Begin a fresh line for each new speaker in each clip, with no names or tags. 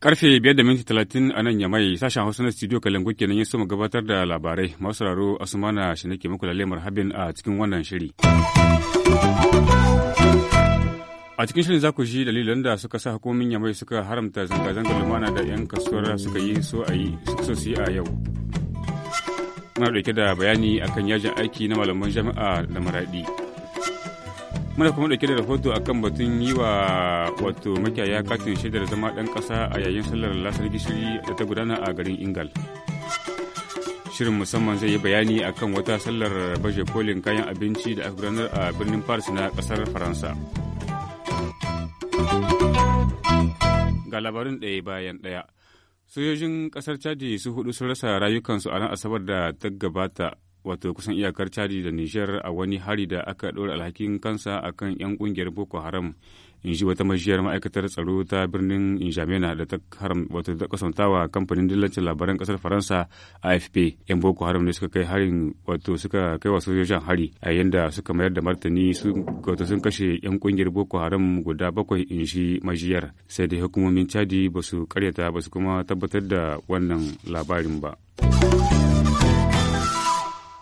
Karfe biyar da minti talatin a nan yamai sashen Hausa na studio Kalangu kenan ya soma gabatar da labarai masu sauraro Asumana shi nake muku lalemar habin a cikin wannan shiri. A cikin shirin za ku ji dalilan da suka sa hukumomin yamai suka haramta zanga-zangar lumana da 'yan kasuwar suka yi so a yi a yau. muna dauke da bayani akan yajin aiki na malaman jami'a da maraɗi muna kuma ɗauke da rahoto akan batun yi wa wato makiyaya katin shaidar zama ɗan ƙasa a yayin sallar lasar gishiri da ta gudana a garin ingal shirin musamman zai yi bayani akan wata sallar baje kolin kayan abinci da aka gudanar a birnin paris na ƙasar faransa ga labarin ɗaya bayan ɗaya Sojojin ƙasar Chadi su hudu sun rasa rayukansu a ran Asabar da ta gabata wato kusan iyakar chadi da nijar a wani hari da aka ɗora alhakin kansa akan 'yan ƙungiyar boko haram in ji wata majiyar ma'aikatar tsaro ta birnin injamena da ta haram wato ta kasantawa kamfanin dillancin labaran kasar faransa afp yan boko haram ne suka kai harin wato suka kai wa sojojin hari a yanda suka mayar da martani wato sun kashe yan kungiyar boko haram guda bakwai in ji majiyar sai dai hukumomin chadi ba su karyata ba su kuma tabbatar da wannan labarin ba.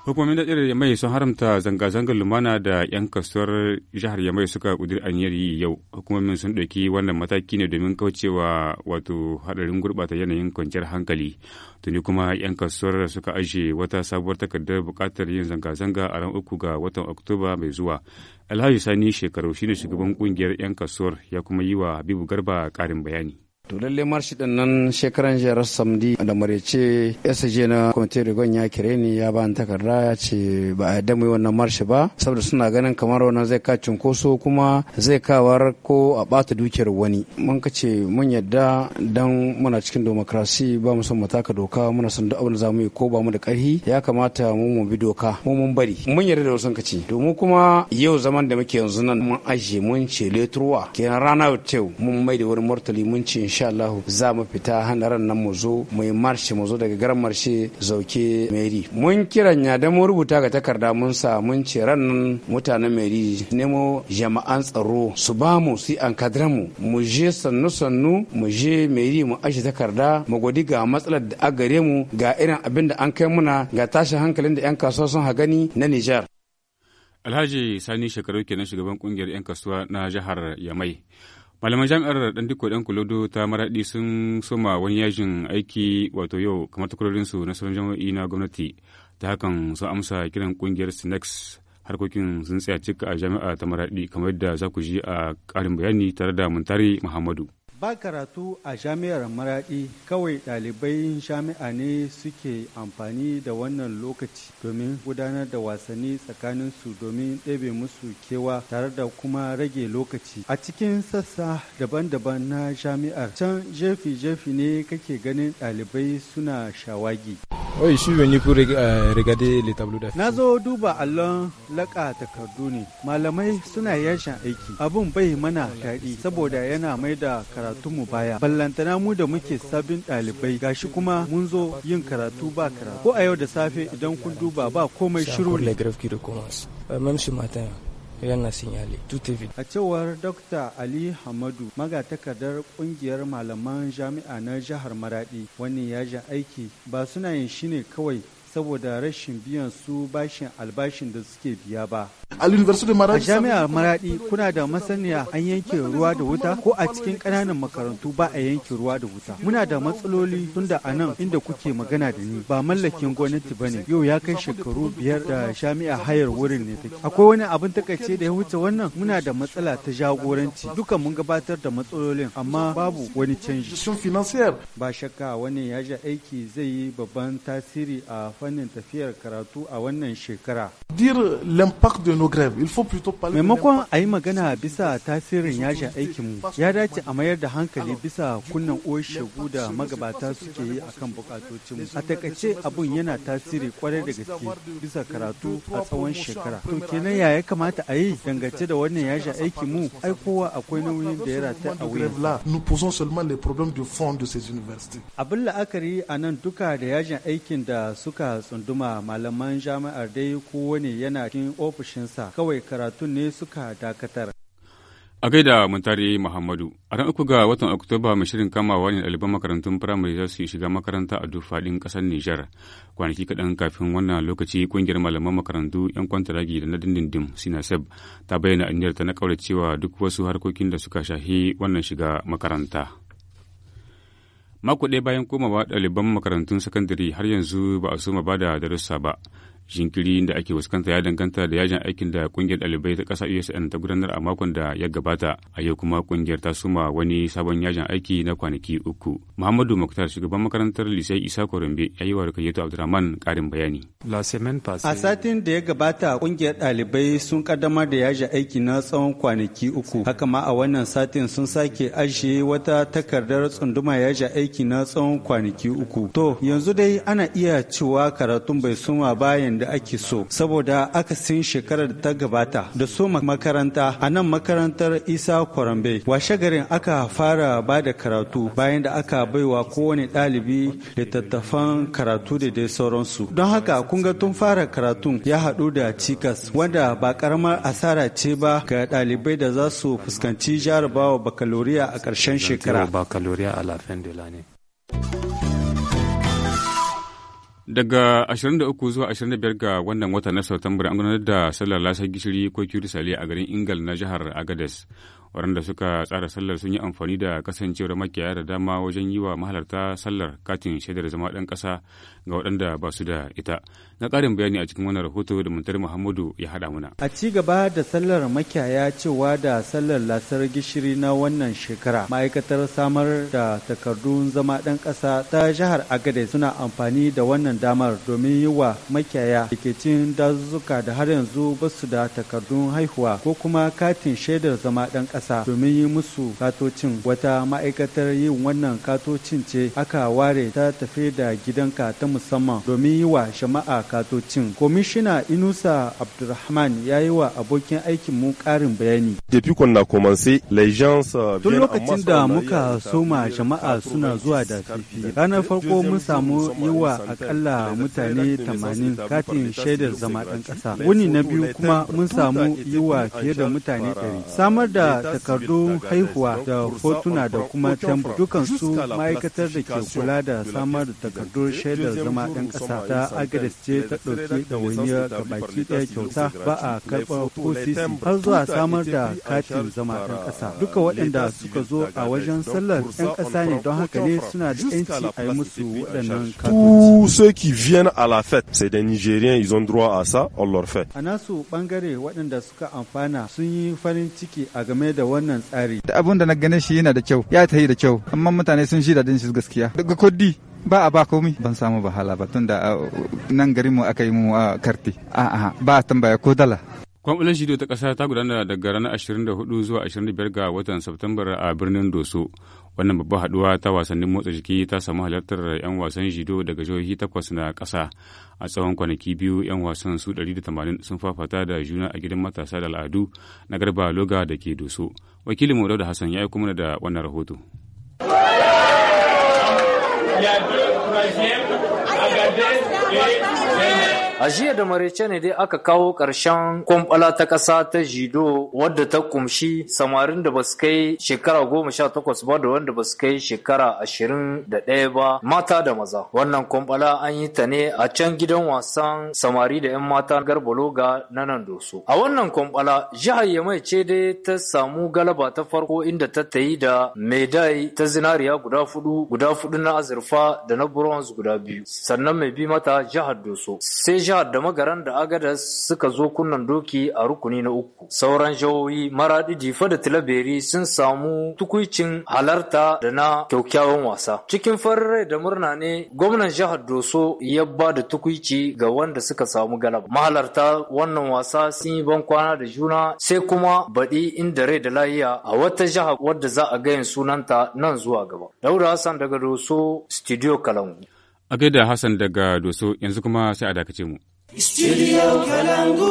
Hukumomin daɗin mai sun haramta zanga-zangar lumana da 'yan kasuwar jihar ya Yamai suka ƙudiri aniyar yi yau. Hukumomin sun ɗauki wannan mataki ne domin kaucewa wato haɗarin gurɓata yanayin kwanciyar hankali. Tuni kuma 'yan kasuwar suka ajiye wata sabuwar takardar buƙatar yin zanga-zanga a ran uku ga watan Oktoba mai zuwa. Alhaji Sani shekaru shine shugaban ƙungiyar 'yan kasuwar ya kuma yi wa Habibu Garba ƙarin bayani.
To lalle marshi din nan shekaran jihar Samdi da marece SJ na kwamitin Rigon ya kire ni ya ba takarda ya ce ba a damu wannan marshi ba saboda suna ganin kamar wannan zai ka cunkoso kuma zai kawar ko a bata dukiyar wani. Mun ka ce mun yadda dan muna cikin demokrasi ba mu son mu taka doka muna son duk abin da zamu yi ko ba mu da karhi ya kamata mu mu bi doka mu mun bari. Mun yarda da wasu ka ce domin kuma yau zaman da muke yanzu nan mun aje mun ce leturwa kenan rana yau mun mai da wani martali mun ce insha Allah za mu fita hanaran nan mu zo mu yi marshi mu zo daga garin marshe zauke meri mun kiran ya da mu rubuta ga takarda mun sa mun ce ran mutanen meri nemo jama'an tsaro su ba mu su an kadra mu mu je sannu sannu mu je meri mu aje takarda mu godi ga matsalar da a gare mu ga irin abin da an kai muna ga tashin hankalin da 'yan kasuwa sun hagani na Nijar.
Alhaji Sani shekaru kenan shugaban kungiyar 'yan kasuwa na jihar Yamai. malaman jami'ar ɗan dandiko ɗan kulodo ta maraɗi sun soma wani yajin aiki wato yau kamar su na sauran jami'o'i na gwamnati ta hakan sun amsa kiran ƙungiyar sinex harkokin sun tsaya cika a jami'a ta maraɗi kamar yadda za ku ji a ƙarin bayani tare da muntari muhammadu
Ba karatu a jami'ar Maraɗi kawai ɗalibai jami'a ne suke amfani da wannan lokaci domin gudanar da wasanni tsakaninsu domin ɗebe musu kewa tare da kuma rage lokaci. A cikin sassa daban-daban na jami'ar can jefi-jefi ne kake ganin ɗalibai suna shawagi. Oui, je
suis venu pour euh, regarder les tableaux d'affiches.
Na zo duba allon laka takardu ne. Malamai suna yashin aiki. Abun bai mana daɗi saboda yana mai da mu baya. Ballantana mu da muke sabbin ɗalibai gashi kuma mun zo yin karatu ba karatu. Ko a yau da safe idan kun duba ba komai shiru ne.
Euh, même ce matin.
yana sinyale tutevin a cewar dr ali hamadu magatakardar kungiyar malaman jami'a na jihar maradi wannan yajin aiki ba suna yin shi ne kawai saboda rashin biyan su bashin albashin da suke biya ba. A jami'ar Maradi kuna da masaniya an yanke ruwa da wuta ko a cikin ƙananan makarantu ba a yanke ruwa da wuta. Muna da matsaloli tunda a nan inda kuke magana da ni ba mallakin gwamnati ba ne yau ya kai shekaru biyar da jami'a hayar wurin ne take. Akwai wani abin takaice da ya wuce wannan muna da matsala ta jagoranci duka mun gabatar da matsalolin amma babu wani canji. Ba shakka wannan ya aiki zai yi babban tasiri a fannin tafiyar karatu a wannan shekara. Dire l'impact de nos grèves, il faut plutôt parler Maimakon a yi magana bisa tasirin yashin aikinmu, ya dace a mayar da hankali bisa kunnan oshegu shegu da magabata suke yi a akan bukatocinmu. A takaice abun yana tasiri kwarai da gaske bisa karatu a tsawon shekara. To kenan ya ya kamata a yi dangance da wannan yashin aikinmu? Ai kowa akwai nauyin da ya rata a wuyan. Nous posons seulement les problèmes de fond de ces universités. Abin la'akari a nan duka da yajin aikin da suka tsunduma malaman jami'ar dai kowane yana cikin ofishinsa kawai karatu ne suka dakatar.
A gaida Muntari Muhammadu, a ran uku ga watan Oktoba mai shirin kamawa ne ɗaliban makarantun firamare za su shiga makaranta a dufaɗin faɗin ƙasar Nijar. Kwanaki kaɗan kafin wannan lokaci ƙungiyar malaman makarantu 'yan kwantaragi da na dindindim Sinaseb ta bayyana aniyarta na cewa duk wasu harkokin da suka shahi wannan shiga makaranta. Mako ɗaya bayan komawa ɗaliban makarantun sakandare har yanzu ba a soma ba da darussa ba. jinkiri da ake fuskanta ya danganta da yajin aikin da kungiyar dalibai ta kasa usn ta gudanar a makon da ya gabata a yau kuma kungiyar ta suma wani sabon yajin aiki na kwanaki uku muhammadu muktar shugaban makarantar lisai isa korombe ya yi wa rukayyato abdurrahman karin bayani a
satin da ya gabata kungiyar dalibai sun kaddamar da yajin aiki na tsawon kwanaki uku haka ma a wannan satin sun sake ajiye wata takardar tsunduma yajin aiki na tsawon kwanaki uku to yanzu dai ana iya cewa karatun bai suma bayan da ake so saboda aka sin shekarar da ta gabata da so makaranta a nan makarantar isa kwarambe washe garin aka fara ba da karatu bayan da aka baiwa kowane ɗalibi littattafan karatu da dai sauransu don haka kun ga tun fara karatun ya haɗu da cikas wanda ba karamar asara ce ba ga ɗalibai da za su fuskanci jarabawa bakaloriya a ƙarshen shekara
Daga 23 zuwa 25 ga wannan wata na Satumbar an gudanar da sallar lasar gishiri ko cutis-sale a garin Ingal na jihar Agades. waɗanda suka tsara sallar sun yi amfani da kasancewar makiyaya da dama wajen yi wa mahalarta sallar katin shaidar zama ɗan ƙasa ga waɗanda ba su da ita na ƙarin bayani a cikin wannan rahoto da muntar muhammadu ya haɗa muna
a ci gaba da sallar makiyaya cewa da sallar lasar gishiri na wannan shekara ma'aikatar samar da takardun zama ɗan ƙasa ta jihar agade suna amfani da wannan damar domin yi wa makiyaya da dazuzzuka da har yanzu ba su da takardun haihuwa ko kuma katin shaidar zama ɗan ƙasa ƙasa domin yi musu katocin wata ma'aikatar yin wannan katocin ce aka ware ta tafi da gidanka ta musamman domin yi wa shama'a katocin. Komishina Inusa Abdulrahman ya yi wa abokin aikin mu ƙarin bayani.
Euh, Tun lokacin da
muka soma jama'a suna zuwa da fifi. Ranar farko mun samu yi wa akalla mutane 80 katin shaidar zama ɗan ƙasa. Wuni na biyu kuma mun samu yi wa fiye da mutane 100. Euh, Samar da takardu haihuwa da hotuna da kuma tambu dukansu ma'aikatar da ke kula da samar da takardun shaidar zama ɗan ƙasa ta agades ce ta ɗauki ɗawainiyar gabaki ɗaya kyauta ba a karɓar ko har zuwa samar da katin zama ɗan ƙasa duka waɗanda suka zo a wajen sallar ɗan ƙasa ne don haka ne suna da ƴanci a yi musu waɗannan katoci. A nasu ɓangare waɗanda suka amfana sun yi farin ciki a game da wannan tsari da abun da na gane shi yana da kyau ya ta yi da kyau amma mutane sun shi din shi gaskiya daga kodi ba a ba komai ban samu bahala ba tun da ah, nan garin mu aka yi mu a a'a ba tambaya ko dala
kwamfilin shido ta ƙasa ta gudana daga ranar 24 zuwa 25 ga watan Septembar a birnin Doso. Wannan babban haɗuwa ta wasannin motsa jiki ta samu halartar 'yan wasan shido daga jihohi takwas na ƙasa. A tsawon kwanaki biyu 'yan wasan su 180 sun fafata da juna a gidan matasa da al'adu na garba loga da ke Doso. Wakilin Maudau da Hassan ya yi
mana da wannan rahoto. A jiya da marece ne dai aka kawo ƙarshen kwamfala ta ƙasa ta jido wadda ta kumshi samarin da basu kai shekara goma sha takwas ba da wanda basu kai shekara ashirin da ɗaya ba mata da maza. Wannan kwamfala an yi ta ne a can gidan wasan samari da 'yan mata garbaloga na nan doso. A wannan kwamfala jihar Yamai ce dai ta samu galaba ta farko inda ta tayi da medai ta zinariya guda fudu guda fudu na azurfa da na bronze guda biyu sannan mai bi mata jihar doso. Sai jihar da magaran da agadas suka zo kunnan doki a rukuni na uku sauran jihohi maradi difa da tilaberi sun samu tukuicin halarta da na kyaukyawan wasa cikin farin rai da murna ne gwamnan jihar doso ya ba da tukuici ga wanda suka samu galaba mahalarta wannan wasa sun yi ban kwana da juna sai kuma baɗi inda rai da layiya a wata jiha wadda za a gayin sunanta nan zuwa gaba dauda hassan daga doso studio kalangu
A gaida Hassan daga Doso yanzu kuma sai a dakace mu.
Studio Kalangu.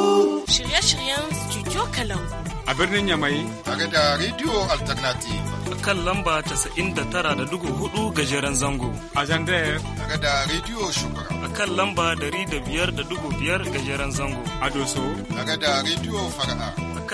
Shirye-shiryen Studio Kalangu. A birnin Yamai. a gaida Radio Alternative. A kan lamba tara da hudu gajeren zango. A Zandayar. a gaida Radio Shugaba. A kan lamba dari da da biyar gajeren zango. A Doso. a gaida Radio Fara'a.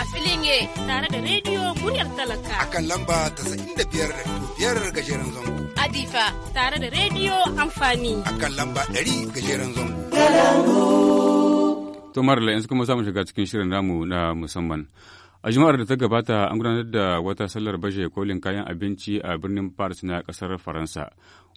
a filin ye tare da rediyo muryar talaka a
kan lamba ta da biyar da
biyar gajeren zango adifa tare da rediyo amfani a
kan lamba ɗari gajeren zango
to marla yanzu kuma samun shiga cikin shirin namu na musamman a juma'ar da ta gabata an gudanar da wata sallar baje kolin kayan abinci a birnin paris na kasar faransa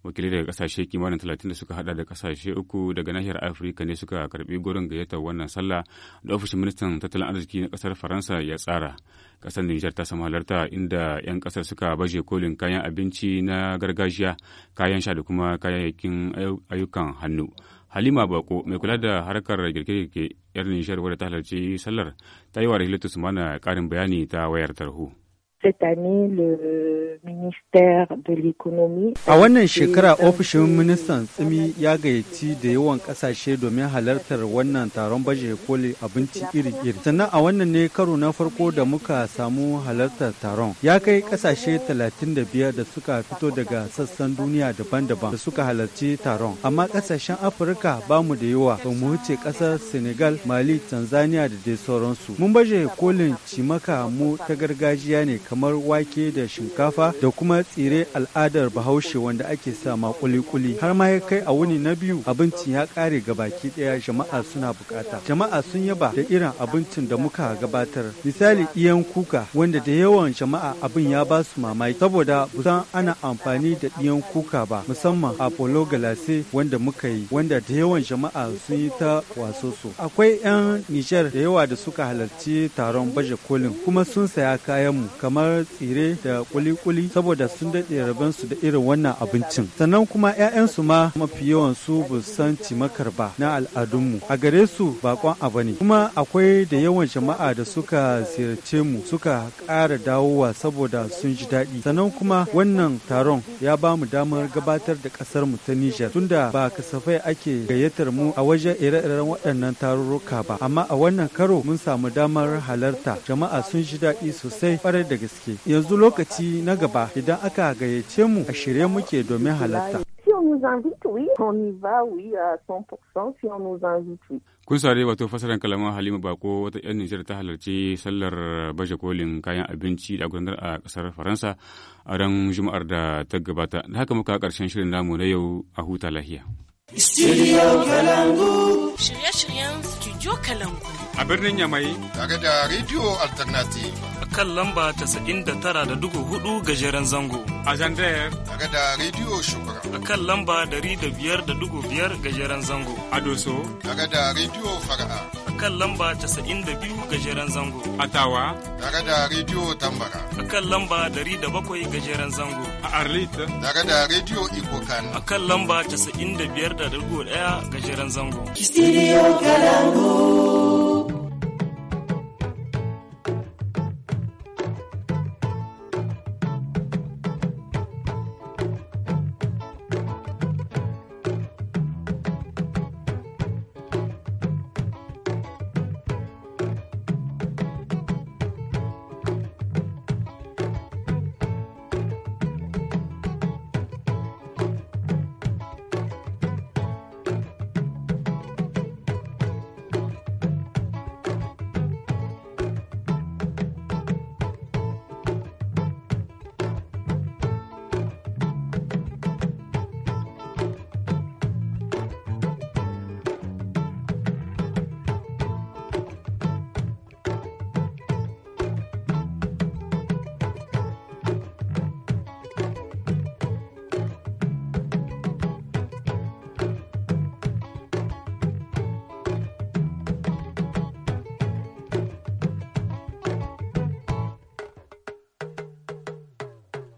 wakilai daga kasashe kimanin talatin da suka hada da kasashe uku daga nahiyar afirka ne suka karbi gurin gayyatar wannan sallah da ofishin ministan tattalin arziki na kasar faransa ya tsara kasar nijar ta samu halarta inda 'yan kasar suka baje kolin kayan abinci na gargajiya kayan sha da kuma kayayyakin ayyukan hannu halima bako mai kula da harkar girke-girke 'yar nijar wadda ta halarci sallar ta yi wa rahilatu sumana karin bayani ta wayar tarho
cette année le ministère de l'économie. A wannan shekara ofishin
ministan euh, tsimi ya gayyaci da yawan kasashe domin halartar wannan taron baje koli abinci iri-iri. Sannan a wannan ne karo na farko da muka samu halartar taron. Ya kai kasashe 35 da suka fito daga sassan duniya daban-daban da suka halarci taron. Amma kasashen Afirka ba mu da yawa ba mu wuce kasar Senegal, Mali, Tanzania da dai sauransu. Mun baje kolin cimaka mu ta gargajiya ne kamar wake da shinkafa da kuma tsire al'adar bahaushe wanda ake sa ma kuli har ma ya kai a wuni na biyu abincin ya kare gabaki daya jama'a suna bukata jama'a sun yaba da irin abincin da muka gabatar misali iyan kuka wanda da yawan jama'a abin ya ba su mamaki saboda busan ana amfani da iyan kuka ba musamman a polo galase wanda muka yi wanda da yawan jama'a sun yi ta waso su akwai 'yan nijar da yawa da suka halarci taron baje kolin kuma sun saya kayanmu kamar kamar tsire da kuli saboda sun daɗe rabon su da irin wannan abincin sannan kuma 'ya'yansu ma mafi yawan su ba san cimakar ba na al'adunmu a gare su bakon abu ne kuma akwai da yawan jama'a da suka ziyarce mu suka ƙara dawowa saboda sun ji daɗi sannan kuma wannan taron ya ba mu damar gabatar da ƙasar mu ta Nijar tunda ba kasafai ake gayyatar mu a wajen ire-iren waɗannan tarurruka ba amma a wannan karo mun samu damar halarta jama'a sun ji daɗi sosai ƙwarai da gaske. Yanzu lokaci na gaba idan aka gayyace mu a shirye muke domin halatta.
Kun sare wato fasaran kalaman Halima Bako wata 'yan Nijar ta halarci sallar baje kolin kayan abinci da gudanar a kasar Faransa a ran Juma'ar da ta gabata. Da haka muka karshen shirin namu na yau a huta lahiya.
Shirye-shiryen Studio Kalangu. a birnin Yamai. Tare da Radio Alternative. A kan lamba tara da dugu hudu gajeren zango. A Zandayar. Tare da Radio Shukura. A kan lamba dari da da dugu biyar gajeren zango. A Doso. Tare da Radio Fara'a. A kan lamba biyu gajeren zango. A Tawa. Tare da Radio Tambara. A kan lamba dari da bakwai gajeren zango. A Arlita. Tare da Radio Ikokan. A kan lamba biyar da 95.1 gajeren zango.
Studio Kalangu.